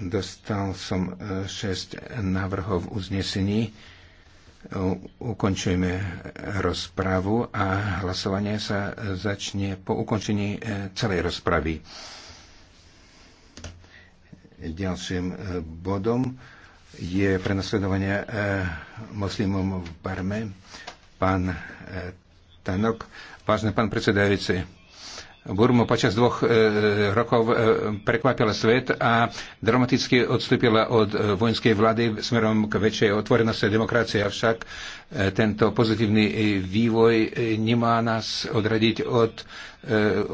Dostal som 6 e, návrhov uznesení. Ukončujeme rozpravu a hlasovanie sa začne po ukončení e, celej rozpravy. Ďalším e, bodom je prenasledovanie moslimom v Barme. Pán Tanok, vážne pán predsedajúci, Burmu počas dvoch e, e, rokov e, prekvapila svet a dramaticky odstúpila od vojenskej vlády smerom k väčšej otvorenosti a demokracie. Avšak tento pozitívny vývoj nemá nás odradiť od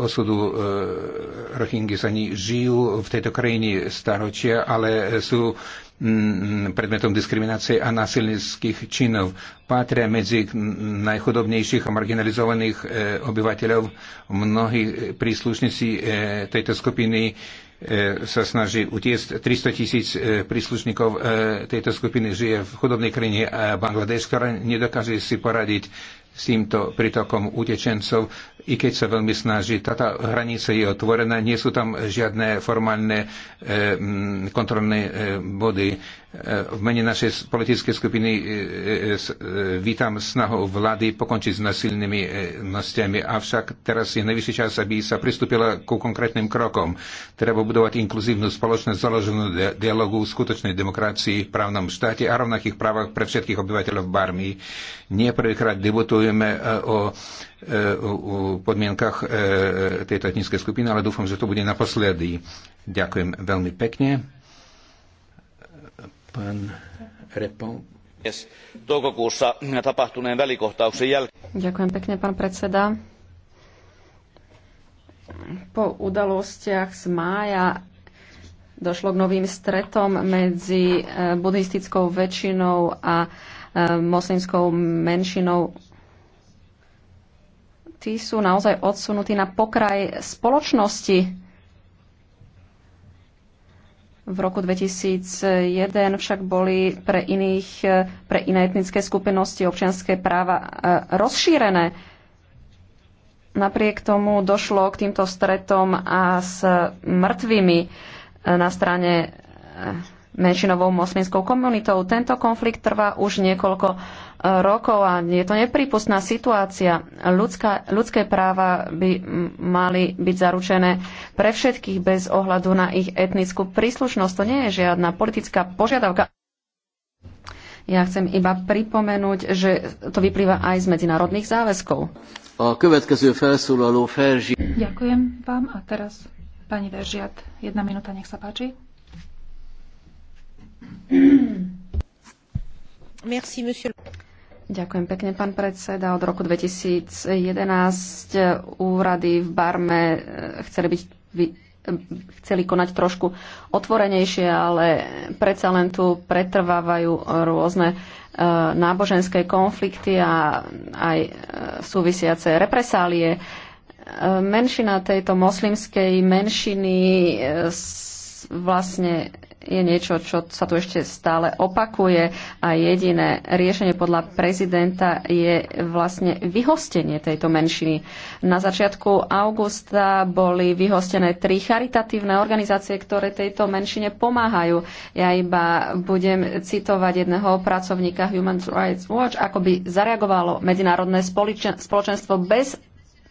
osudu Rohingyas. Oni žijú v tejto krajine staročia, ale sú predmetom diskriminácie a násilnických činov. Patria medzi najchudobnejších a marginalizovaných e, obyvateľov. Mnohí príslušníci e, tejto skupiny e, sa snaží utiesť. 300 tisíc príslušníkov tejto skupiny žije v chudobnej krajine Bangladeš, ktorá nedokáže si poradiť s týmto pritokom utečencov, i keď sa veľmi snaží. Táto hranica je otvorená, nie sú tam žiadne formálne e, kontrolné e, body. E, v mene našej politickej skupiny e, e, e, vítam snahu vlády pokončiť s nasilnými e, nostiami, avšak teraz je najvyšší čas, aby sa pristúpila ku konkrétnym krokom. Treba budovať inkluzívnu spoločnosť založenú dialogu, dialogu skutočnej demokracii v právnom štáte a rovnakých právach pre všetkých obyvateľov Barmy. Nie prvýkrát debutujú diskutujeme e, o e, podmienkach e, tejto etnickej skupiny, ale dúfam, že to bude naposledy. Ďakujem veľmi pekne. Pán Repo. Ďakujem pekne, pán predseda. Po udalostiach z mája došlo k novým stretom medzi buddhistickou väčšinou a moslimskou menšinou tí sú naozaj odsunutí na pokraj spoločnosti. V roku 2001 však boli pre, iných, pre iné etnické skupinosti občianské práva e, rozšírené. Napriek tomu došlo k týmto stretom a s mŕtvými e, na strane e, menšinovou moslimskou komunitou. Tento konflikt trvá už niekoľko e, rokov a je to nepripustná situácia. Ľudská, ľudské práva by mali byť zaručené pre všetkých bez ohľadu na ich etnickú príslušnosť. To nie je žiadna politická požiadavka. Ja chcem iba pripomenúť, že to vyplýva aj z medzinárodných záväzkov. Ďakujem vám a teraz pani Veržiat, jedna minúta, nech sa páči. Merci, monsieur. Ďakujem pekne, pán predseda. Od roku 2011 eh, úrady v Barme eh, chceli, byť, eh, chceli konať trošku otvorenejšie, ale predsa len tu pretrvávajú rôzne náboženské konflikty a aj súvisiace represálie. Menšina tejto moslimskej menšiny vlastne je niečo, čo sa tu ešte stále opakuje a jediné riešenie podľa prezidenta je vlastne vyhostenie tejto menšiny. Na začiatku augusta boli vyhostené tri charitatívne organizácie, ktoré tejto menšine pomáhajú. Ja iba budem citovať jedného pracovníka Human Rights Watch, ako by zareagovalo medzinárodné spoločenstvo bez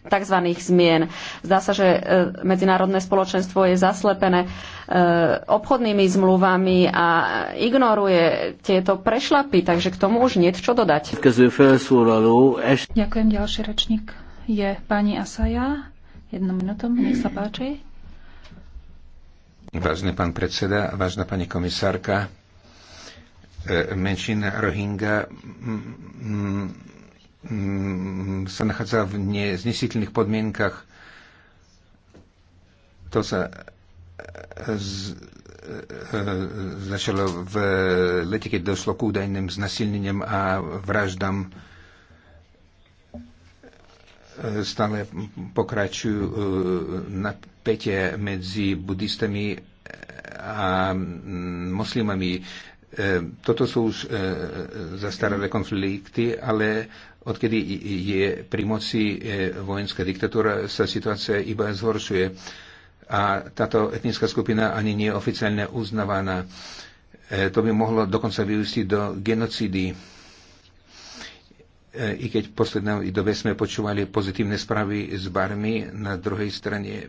tzv. zmien. Zdá sa, že e, medzinárodné spoločenstvo je zaslepené e, obchodnými zmluvami a ignoruje tieto prešlapy, takže k tomu už niečo dodať. Ďakujem, ďalší rečník je pani Asaja. Jednou minútom, nech sa páči. Vážený pán predseda, vážna pani komisárka, e, menšina Rohingya Mm, sa nachádza v neznesiteľných podmienkach. To sa e, z, e, e, začalo v lete, keď došlo k údajným znasilneniam a vraždám stále pokračujú napätie medzi buddhistami a mm, moslimami. Toto sú už zastaralé konflikty, ale Odkedy je pri moci e, vojenská diktatúra, sa situácia iba zhoršuje. A táto etnická skupina ani nie je oficiálne uznávaná. E, to by mohlo dokonca vyústiť do genocídy. E, I keď v poslednej dobe sme počúvali pozitívne správy z Barmy, na druhej strane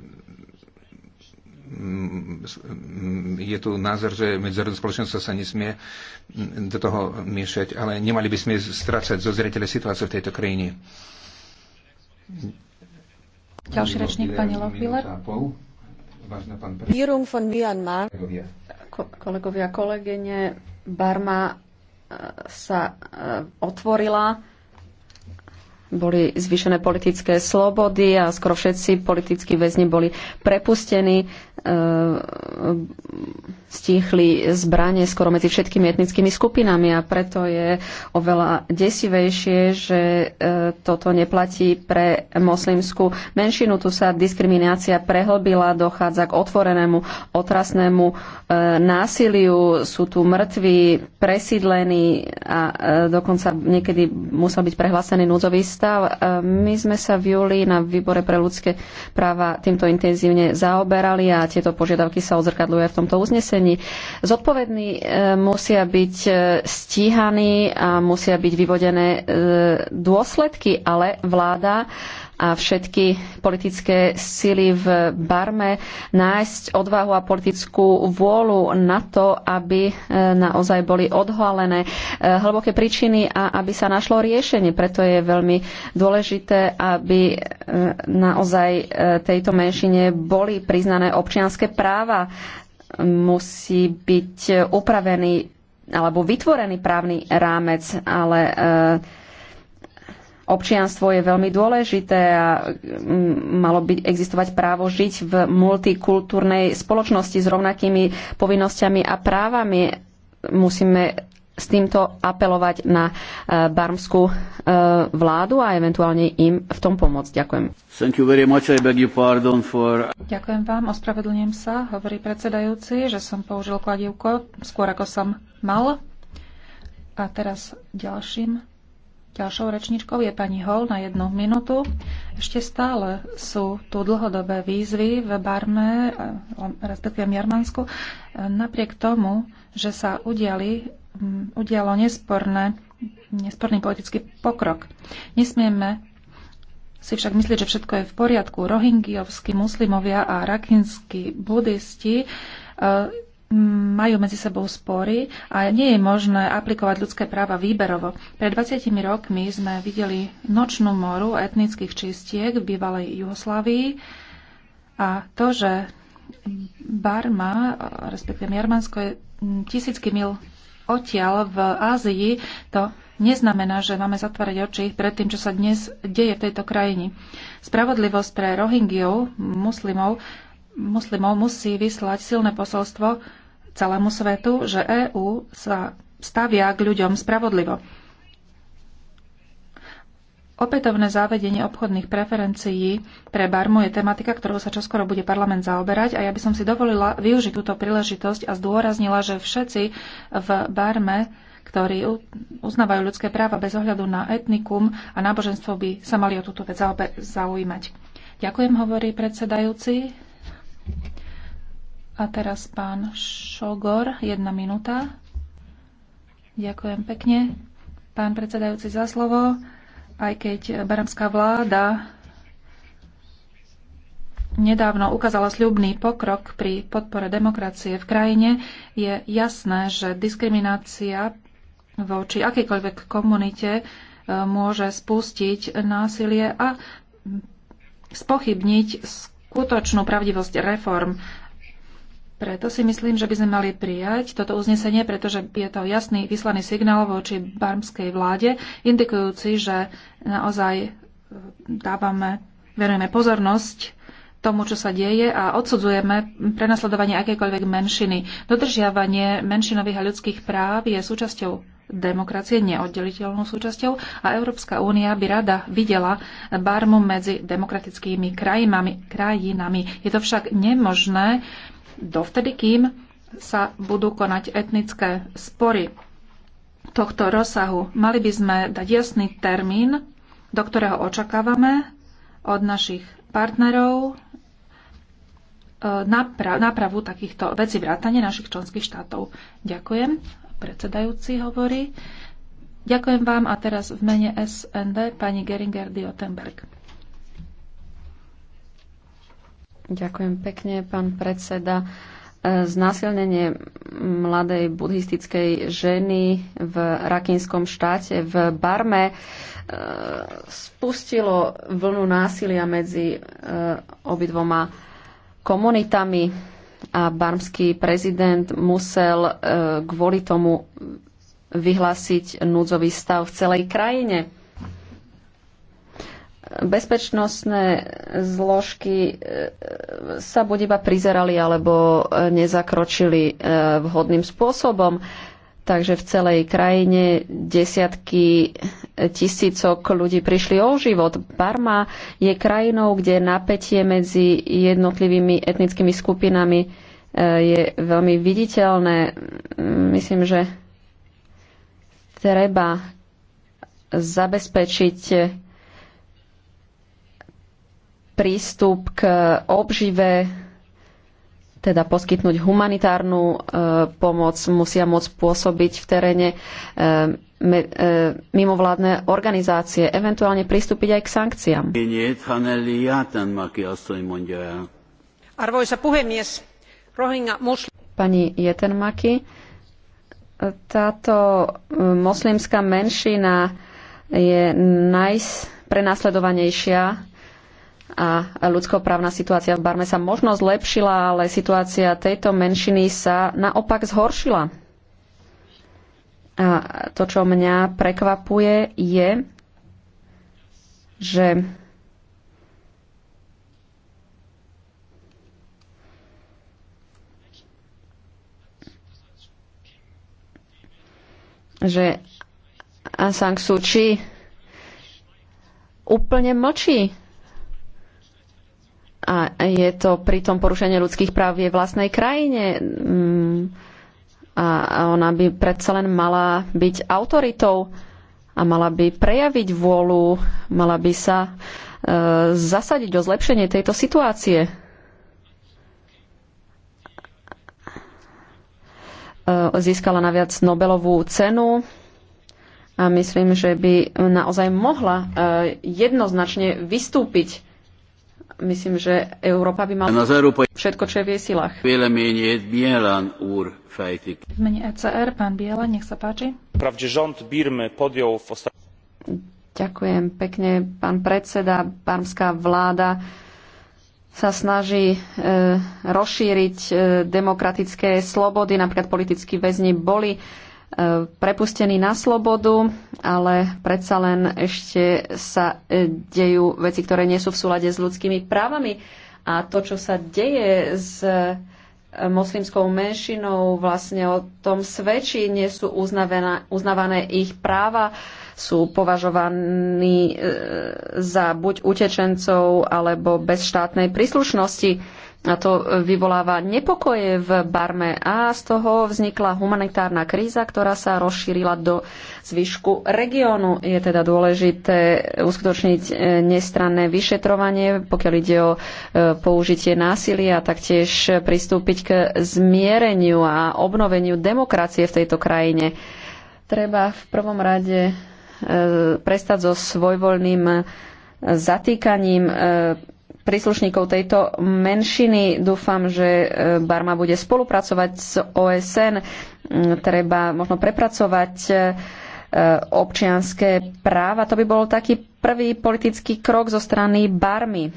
Mm, je tu názor, že medzinárodná spoločnosť sa nesmie do toho miešať, ale nemali by sme strácať zo zretele situáciu v tejto krajine. Ďalší rečník, pani Lochbiller. Regierung von Myanmar, kolegovia, kolegyne, Barma e, sa e, otvorila, boli zvýšené politické slobody a skoro všetci politickí väzni boli prepustení E, stíchli zbranie skoro medzi všetkými etnickými skupinami a preto je oveľa desivejšie, že e, toto neplatí pre moslimskú menšinu. Tu sa diskriminácia prehlbila, dochádza k otvorenému, otrasnému e, násiliu, sú tu mŕtvi, presídlení a dokonca niekedy musel byť prehlásený núdzový stav. My sme sa v júli na výbore pre ľudské práva týmto intenzívne zaoberali a tieto požiadavky sa aj v tomto uznesení. Zodpovední e, musia byť e, stíhaní a musia byť vyvodené e, dôsledky, ale vláda a všetky politické sily v Barme nájsť odvahu a politickú vôľu na to, aby e, naozaj boli odhalené e, hlboké príčiny a aby sa našlo riešenie. Preto je veľmi dôležité, aby e, naozaj tejto menšine boli priznané občianské práva. Musí byť upravený alebo vytvorený právny rámec, ale e, Občianstvo je veľmi dôležité a malo by existovať právo žiť v multikultúrnej spoločnosti s rovnakými povinnosťami a právami. Musíme s týmto apelovať na e, barmskú e, vládu a eventuálne im v tom pomôcť. Ďakujem. For... Ďakujem vám, ospravedlňujem sa, hovorí predsedajúci, že som použil kladivko skôr ako som mal. A teraz ďalším Ďalšou rečničkou je pani Hol na jednu minútu. Ešte stále sú tu dlhodobé výzvy v Barme, eh, respektíve Jarmansku, eh, napriek tomu, že sa udiali, mm, udialo nesporné, nesporný politický pokrok. Nesmieme si však myslieť, že všetko je v poriadku. Rohingyovskí muslimovia a rakinskí budisti eh, majú medzi sebou spory a nie je možné aplikovať ľudské práva výberovo. Pred 20 rokmi sme videli nočnú moru etnických čistiek v bývalej Jugoslávii a to, že Barma, respektíve Jarmansko, je tisícky mil odtiaľ v Ázii, to neznamená, že máme zatvárať oči pred tým, čo sa dnes deje v tejto krajini. Spravodlivosť pre Rohingyov, muslimov, muslimov musí vyslať silné posolstvo celému svetu, že EÚ sa stavia k ľuďom spravodlivo. Opätovné závedenie obchodných preferencií pre Barmu je tematika, ktorou sa čoskoro bude parlament zaoberať a ja by som si dovolila využiť túto príležitosť a zdôraznila, že všetci v Barme, ktorí uznávajú ľudské práva bez ohľadu na etnikum a náboženstvo, by sa mali o túto vec zaujímať. Ďakujem, hovorí predsedajúci. A teraz pán Šogor, jedna minúta. Ďakujem pekne. Pán predsedajúci za slovo. Aj keď baramská vláda nedávno ukázala sľubný pokrok pri podpore demokracie v krajine, je jasné, že diskriminácia voči akejkoľvek komunite e, môže spustiť násilie a spochybniť skutočnú pravdivosť reform preto si myslím, že by sme mali prijať toto uznesenie, pretože je to jasný vyslaný signál voči barmskej vláde, indikujúci, že naozaj e, dávame, verujeme pozornosť tomu, čo sa deje a odsudzujeme prenasledovanie akejkoľvek menšiny. Dodržiavanie menšinových a ľudských práv je súčasťou demokracie, neoddeliteľnou súčasťou a Európska únia by rada videla barmu medzi demokratickými krajinami. krajinami. Je to však nemožné, dovtedy, kým sa budú konať etnické spory tohto rozsahu. Mali by sme dať jasný termín, do ktorého očakávame od našich partnerov e, nápravu takýchto vecí vrátane našich členských štátov. Ďakujem. Predsedajúci hovorí. Ďakujem vám a teraz v mene SND pani Geringer Diotenberg. Ďakujem pekne, pán predseda. E, znásilnenie mladej buddhistickej ženy v rakínskom štáte v Barme e, spustilo vlnu násilia medzi e, obidvoma komunitami a barmský prezident musel kvôli tomu vyhlásiť núdzový stav v celej krajine bezpečnostné zložky e, sa buď iba prizerali alebo e, nezakročili e, vhodným spôsobom. Takže v celej krajine desiatky tisícok ľudí prišli o život. Barma je krajinou, kde napätie medzi jednotlivými etnickými skupinami je veľmi viditeľné. Myslím, že treba zabezpečiť prístup k eh, obžive, teda poskytnúť humanitárnu eh, pomoc, musia môcť pôsobiť v teréne eh, mimovládne organizácie, eventuálne pristúpiť aj k sankciám. Arvoisa puhemies, Rohingya musl- Pani Jetenmaki, táto moslimská menšina je najprenasledovanejšia a ľudskoprávna situácia v Barme sa možno zlepšila, ale situácia tejto menšiny sa naopak zhoršila. A to, čo mňa prekvapuje, je, že že Aung San Suu Kyi úplne mlčí a je to pritom porušenie ľudských práv v jej vlastnej krajine. Mm. A ona by predsa len mala byť autoritou a mala by prejaviť vôľu, mala by sa e, zasadiť o zlepšenie tejto situácie. E, získala naviac Nobelovú cenu a myslím, že by naozaj mohla e, jednoznačne vystúpiť myslím, že Európa by mala všetko, čo je v jej silách. V mene ECR, pán Biela, nech sa páči. Pravde, žont v Ďakujem pekne, pán predseda, pánská vláda sa snaží e, rozšíriť e, demokratické slobody, napríklad politickí väzni boli E, prepustení na slobodu, ale predsa len ešte sa e, dejú veci, ktoré nie sú v súlade s ľudskými právami. A to, čo sa deje s e, moslimskou menšinou, vlastne o tom svedčí, nie sú uznávané ich práva, sú považovaní za buď utečencov alebo bez štátnej príslušnosti a to e, vyvoláva nepokoje v Barme a z toho vznikla humanitárna kríza, ktorá sa rozšírila do zvyšku regiónu. Je teda dôležité uskutočniť e, nestranné vyšetrovanie, pokiaľ ide o e, použitie násilia, taktiež pristúpiť k zmiereniu a obnoveniu demokracie v tejto krajine. Treba v prvom rade prestať so svojvoľným zatýkaním príslušníkov tejto menšiny. Dúfam, že e, Barma bude spolupracovať s OSN. Mm, treba možno prepracovať e, občianské práva. To by bol taký prvý politický krok zo strany Barmy.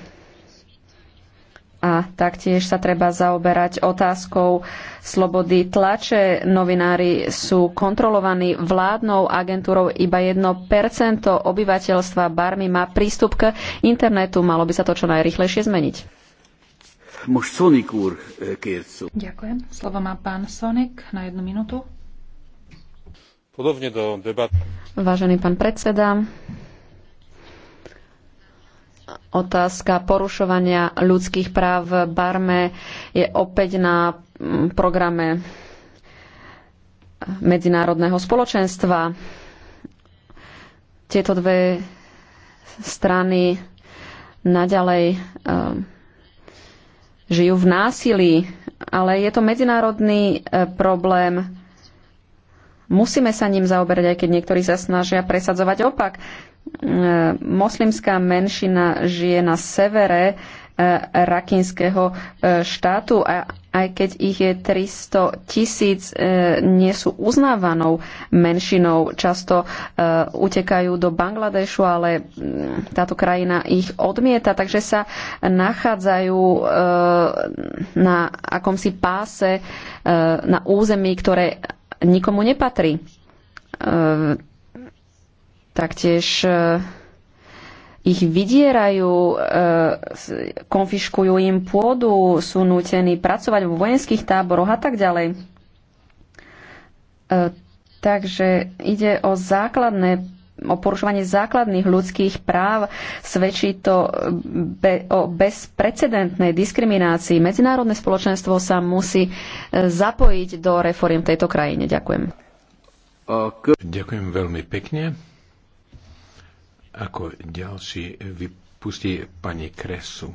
A taktiež sa treba zaoberať otázkou slobody tlače. Novinári sú kontrolovaní vládnou agentúrou. Iba 1% obyvateľstva Barmy má prístup k internetu. Malo by sa to čo najrychlejšie zmeniť. Eh, Ďakujem. Slovo má pán Sonik na jednu minútu. Podobne do debat. Vážený pán predseda, Otázka porušovania ľudských práv v Barme je opäť na mm, programe medzinárodného spoločenstva. Tieto dve strany naďalej ehm, žijú v násilí, ale je to medzinárodný e, problém. Musíme sa ním zaoberať, aj keď niektorí sa snažia presadzovať opak moslimská menšina žije na severe e, rakinského e, štátu a aj keď ich je 300 tisíc, e, nie sú uznávanou menšinou. Často utekajú do Bangladešu, ale táto krajina ich odmieta, takže sa nachádzajú na akomsi páse, na území, ktoré nikomu nepatrí Taktiež e, ich vydierajú, e, konfiškujú im pôdu, sú nútení pracovať vo vojenských táboroch a tak ďalej. E, takže ide o základné o porušovanie základných ľudských práv svedčí to be, o bezprecedentnej diskriminácii. Medzinárodné spoločenstvo sa musí zapojiť do reforiem tejto krajine. Ďakujem. Ďakujem veľmi pekne. Ako ďalší vypustí pani Kresu.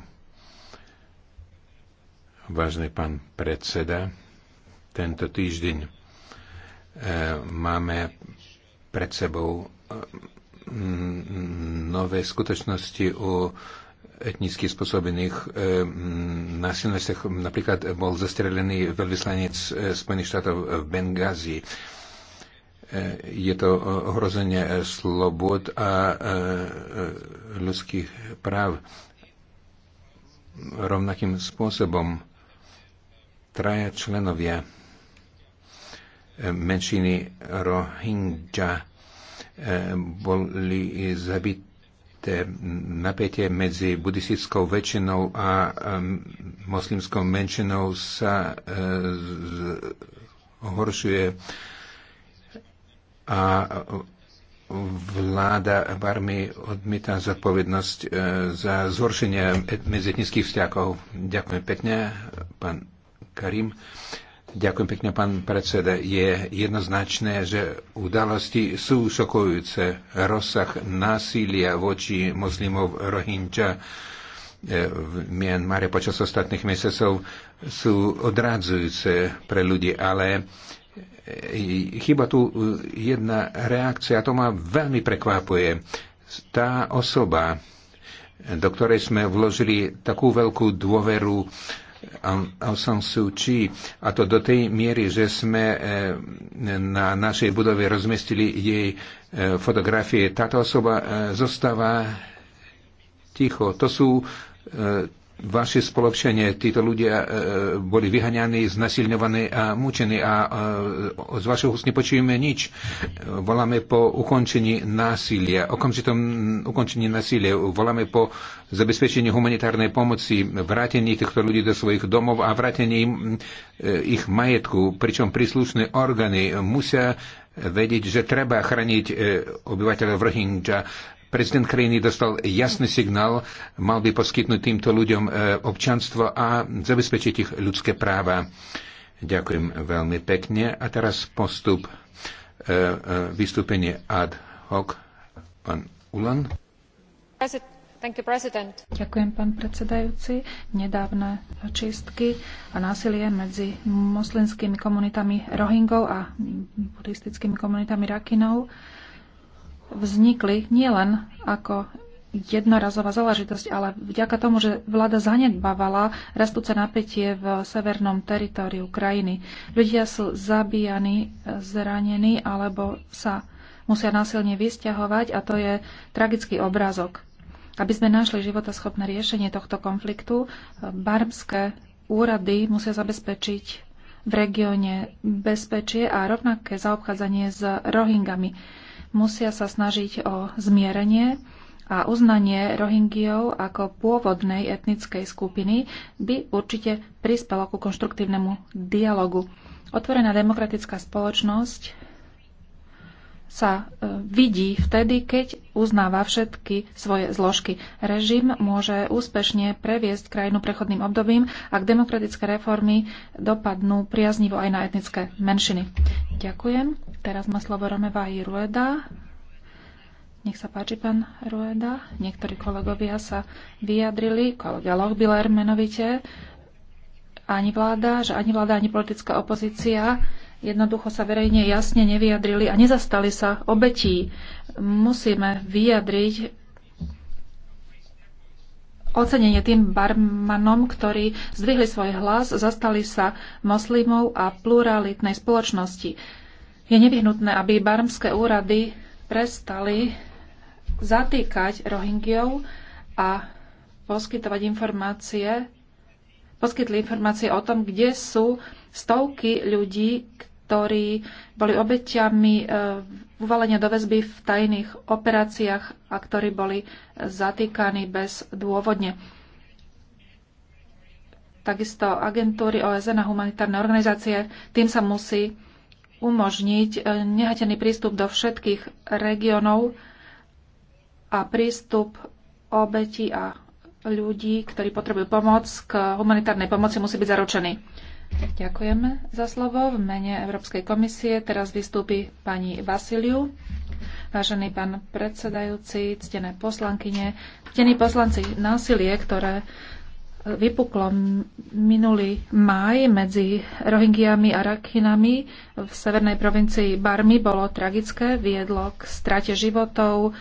Vážny pán predseda, tento týždeň e, máme pred sebou e, nové skutočnosti o etnicky spôsobených e, násilnostiach. Napríklad bol zastrelený veľvyslanec e, Spojených štátov v Bengázii. E, je to ohrozenie slobod a e, ľudských práv. Rovnakým spôsobom traja členovia e, menšiny Rohingya e, boli zabité napätie medzi buddhistickou väčšinou a moslimskou menšinou sa horšuje a vláda v armii odmieta zodpovednosť e, za zhoršenie medzietnických vzťahov. Ďakujem pekne, pán Karim. Ďakujem pekne, pán predseda. Je jednoznačné, že udalosti sú šokujúce. Rozsah násilia voči moslimov Rohingya e, v Mianmare počas ostatných mesiacov sú odrádzujúce pre ľudí, ale E, chyba tu e, jedna reakcia, to ma veľmi prekvapuje. Tá osoba, do ktorej sme vložili takú veľkú dôveru Aung San Suu Kyi, a to do tej miery, že sme e, na našej budove rozmestili jej fotografie. Táto osoba zostáva ticho. To sú vaše spoločenie, títo ľudia e, e boli vyhaňaní, znasilňovaní a mučení a e, z vašho úst nepočujeme nič. Voláme po ukončení násilia, okamžitom ukončení násilia, voláme po zabezpečení humanitárnej pomoci, vrátení týchto ľudí do svojich domov a vrátení e, ich majetku, pričom príslušné orgány musia vedieť, že treba chrániť e, obyvateľov Rohingya Prezident krajiny dostal jasný signál, mal by poskytnúť týmto ľuďom e, občanstvo a zabezpečiť ich ľudské práva. Ďakujem veľmi pekne. A teraz postup e, e, vystúpenie ad hoc. Pán Ulan. Thank you, Ďakujem, pán predsedajúci. Nedávne čistky a násilie medzi moslimskými komunitami Rohingov a buddhistickými komunitami Rakinov vznikli nielen ako jednorazová záležitosť, ale vďaka tomu, že vláda zanedbávala rastúce napätie v severnom teritoriu krajiny. Ľudia sú zabíjani, zranení alebo sa musia násilne vysťahovať a to je tragický obrázok. Aby sme našli životaschopné riešenie tohto konfliktu, barmské úrady musia zabezpečiť v regióne bezpečie a rovnaké zaobchádzanie s Rohingami musia sa snažiť o zmierenie a uznanie Rohingyov ako pôvodnej etnickej skupiny by určite prispelo ku konštruktívnemu dialogu. Otvorená demokratická spoločnosť sa e, vidí vtedy, keď uznáva všetky svoje zložky. Režim môže úspešne previesť krajinu prechodným obdobím, ak demokratické reformy dopadnú priaznivo aj na etnické menšiny. Ďakujem. Teraz má slovo Romeva Rueda. Nech sa páči, pán Rueda. Niektorí kolegovia sa vyjadrili, kolega Lochbiller menovite, ani vláda, že ani vláda, ani politická opozícia jednoducho sa verejne jasne nevyjadrili a nezastali sa obetí. Musíme vyjadriť ocenenie tým barmanom, ktorí zdvihli svoj hlas, zastali sa moslimov a pluralitnej spoločnosti. Je nevyhnutné, aby barmské úrady prestali zatýkať Rohingyov a poskytovať informácie, poskytli informácie o tom, kde sú stovky ľudí, ktorí boli obeťami e, uvalenia do väzby v tajných operáciách a ktorí boli zatýkaní bez dôvodne. Takisto agentúry OSN a humanitárne organizácie, tým sa musí umožniť e, nehatený prístup do všetkých regiónov a prístup obetí a ľudí, ktorí potrebujú pomoc, k humanitárnej pomoci musí byť zaručený. Ďakujeme za slovo. V mene Európskej komisie teraz vystúpi pani Vasiliu. Vážený pán predsedajúci, ctené poslankyne, ctení poslanci, násilie, ktoré vypuklo minulý máj medzi Rohingyami a Rakhinami v severnej provincii Barmy, bolo tragické, viedlo k strate životov,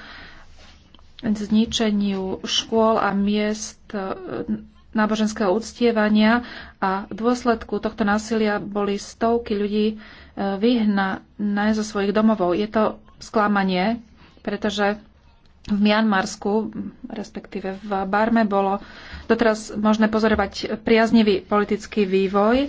zničeniu škôl a miest náboženského uctievania a v dôsledku tohto násilia boli stovky ľudí e, vyhnané zo svojich domovov. Je to sklamanie, pretože v Mianmarsku, respektíve v Barme, bolo doteraz možné pozorovať priaznivý politický vývoj.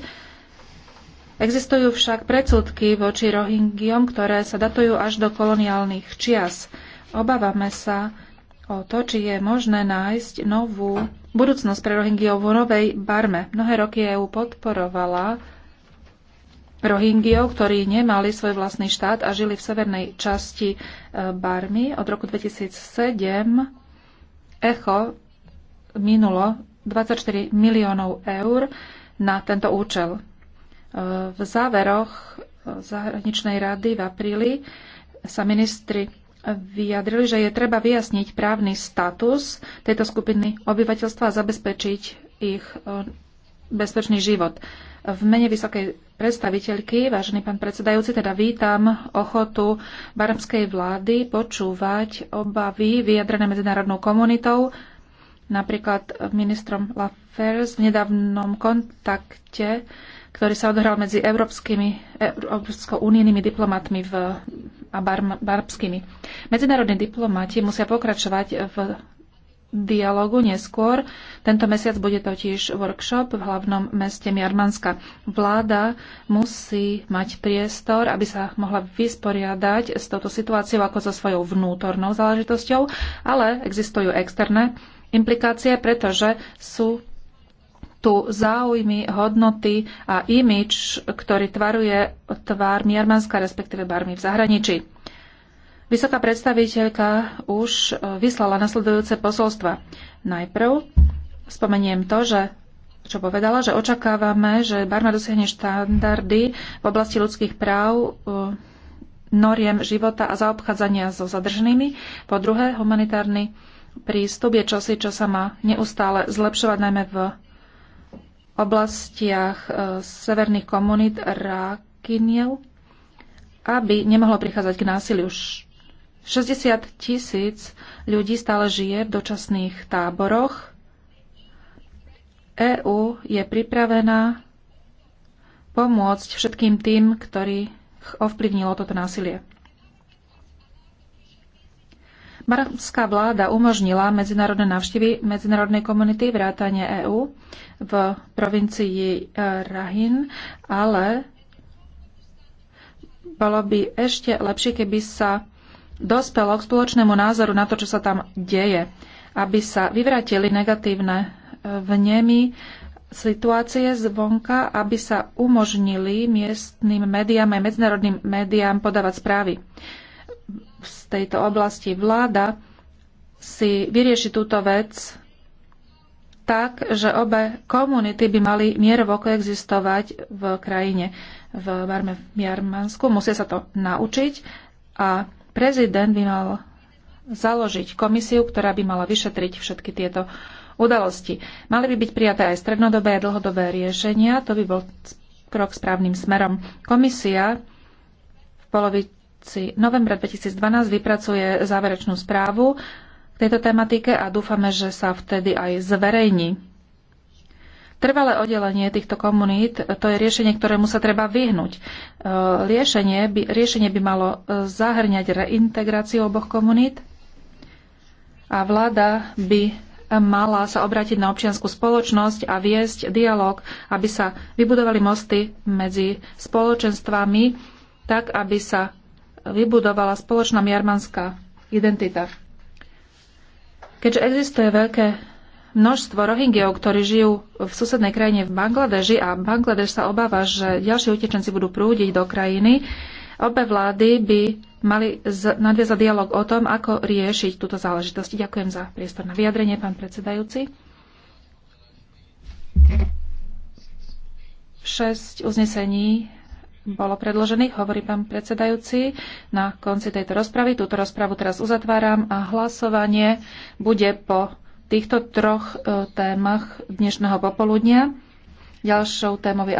Existujú však predsudky voči Rohingyom, ktoré sa datujú až do koloniálnych čias. Obávame sa o to, či je možné nájsť novú budúcnosť pre Rohingyov v Novej Barme. Mnohé roky EU podporovala Rohingyov, ktorí nemali svoj vlastný štát a žili v severnej časti e, Barmy. Od roku 2007 ECHO minulo 24 miliónov eur na tento účel. E, v záveroch e, zahraničnej rady v apríli sa ministri vyjadrili, že je treba vyjasniť právny status tejto skupiny obyvateľstva a zabezpečiť ich e, bezpečný život. V mene vysokej predstaviteľky, vážený pán predsedajúci, teda vítam ochotu barmskej vlády počúvať obavy vyjadrené medzinárodnou komunitou, napríklad ministrom Lafers v nedávnom kontakte ktorý sa odohral medzi európskymi, európsko-unijnými diplomatmi v, a bar, barbskými. Medzinárodní diplomati musia pokračovať v dialogu neskôr. Tento mesiac bude totiž workshop v hlavnom meste Miarmanska. Vláda musí mať priestor, aby sa mohla vysporiadať s touto situáciou ako so svojou vnútornou záležitosťou, ale existujú externé implikácie, pretože sú tu záujmy, hodnoty a imič, ktorý tvaruje tvár Miermanska, respektíve Barmy v zahraničí. Vysoká predstaviteľka už e, vyslala nasledujúce posolstva. Najprv spomeniem to, že čo povedala, že očakávame, že Barma dosiahne štandardy v oblasti ľudských práv, e, noriem života a zaobchádzania so zadržnými. Po druhé, humanitárny prístup je čosi, čo sa má neustále zlepšovať, najmä v oblastiach e, severných komunít Rákiniev, aby nemohlo prichádzať k násiliu. 60 tisíc ľudí stále žije v dočasných táboroch. EÚ je pripravená pomôcť všetkým tým, ktorých ovplyvnilo toto násilie. Marokská vláda umožnila medzinárodné návštevy medzinárodnej komunity vrátane EÚ v provincii Rahin, ale bolo by ešte lepšie, keby sa dospelo k spoločnému názoru na to, čo sa tam deje, aby sa vyvratili negatívne vnemy situácie zvonka, aby sa umožnili miestnym médiám aj medzinárodným médiám podávať správy z tejto oblasti. Vláda si vyrieši túto vec tak, že obe komunity by mali mierovo koexistovať v krajine, v Barme v Jarmansku. Musia sa to naučiť a prezident by mal založiť komisiu, ktorá by mala vyšetriť všetky tieto udalosti. Mali by byť prijaté aj strednodobé a dlhodobé riešenia. To by bol krok správnym smerom. Komisia v polovi konci novembra 2012 vypracuje záverečnú správu k tejto tematike a dúfame, že sa vtedy aj zverejní. Trvalé oddelenie týchto komunít to je riešenie, ktorému sa treba vyhnúť. E, riešenie by, riešenie by malo e, zahrňať reintegráciu oboch komunít a vláda by mala sa obrátiť na občianskú spoločnosť a viesť dialog, aby sa vybudovali mosty medzi spoločenstvami, tak aby sa vybudovala spoločná miarmanská identita. Keďže existuje veľké množstvo Rohingyov, ktorí žijú v susednej krajine v Bangladeži a Bangladež sa obáva, že ďalší utečenci budú prúdiť do krajiny, obe vlády by mali nadviazať dialog o tom, ako riešiť túto záležitosť. Ďakujem za priestor na vyjadrenie, pán predsedajúci. 6 uznesení bolo predložených, hovorí pán predsedajúci. Na konci tejto rozpravy, túto rozpravu teraz uzatváram a hlasovanie bude po týchto troch e, témach dnešného popoludnia. Ďalšou témou je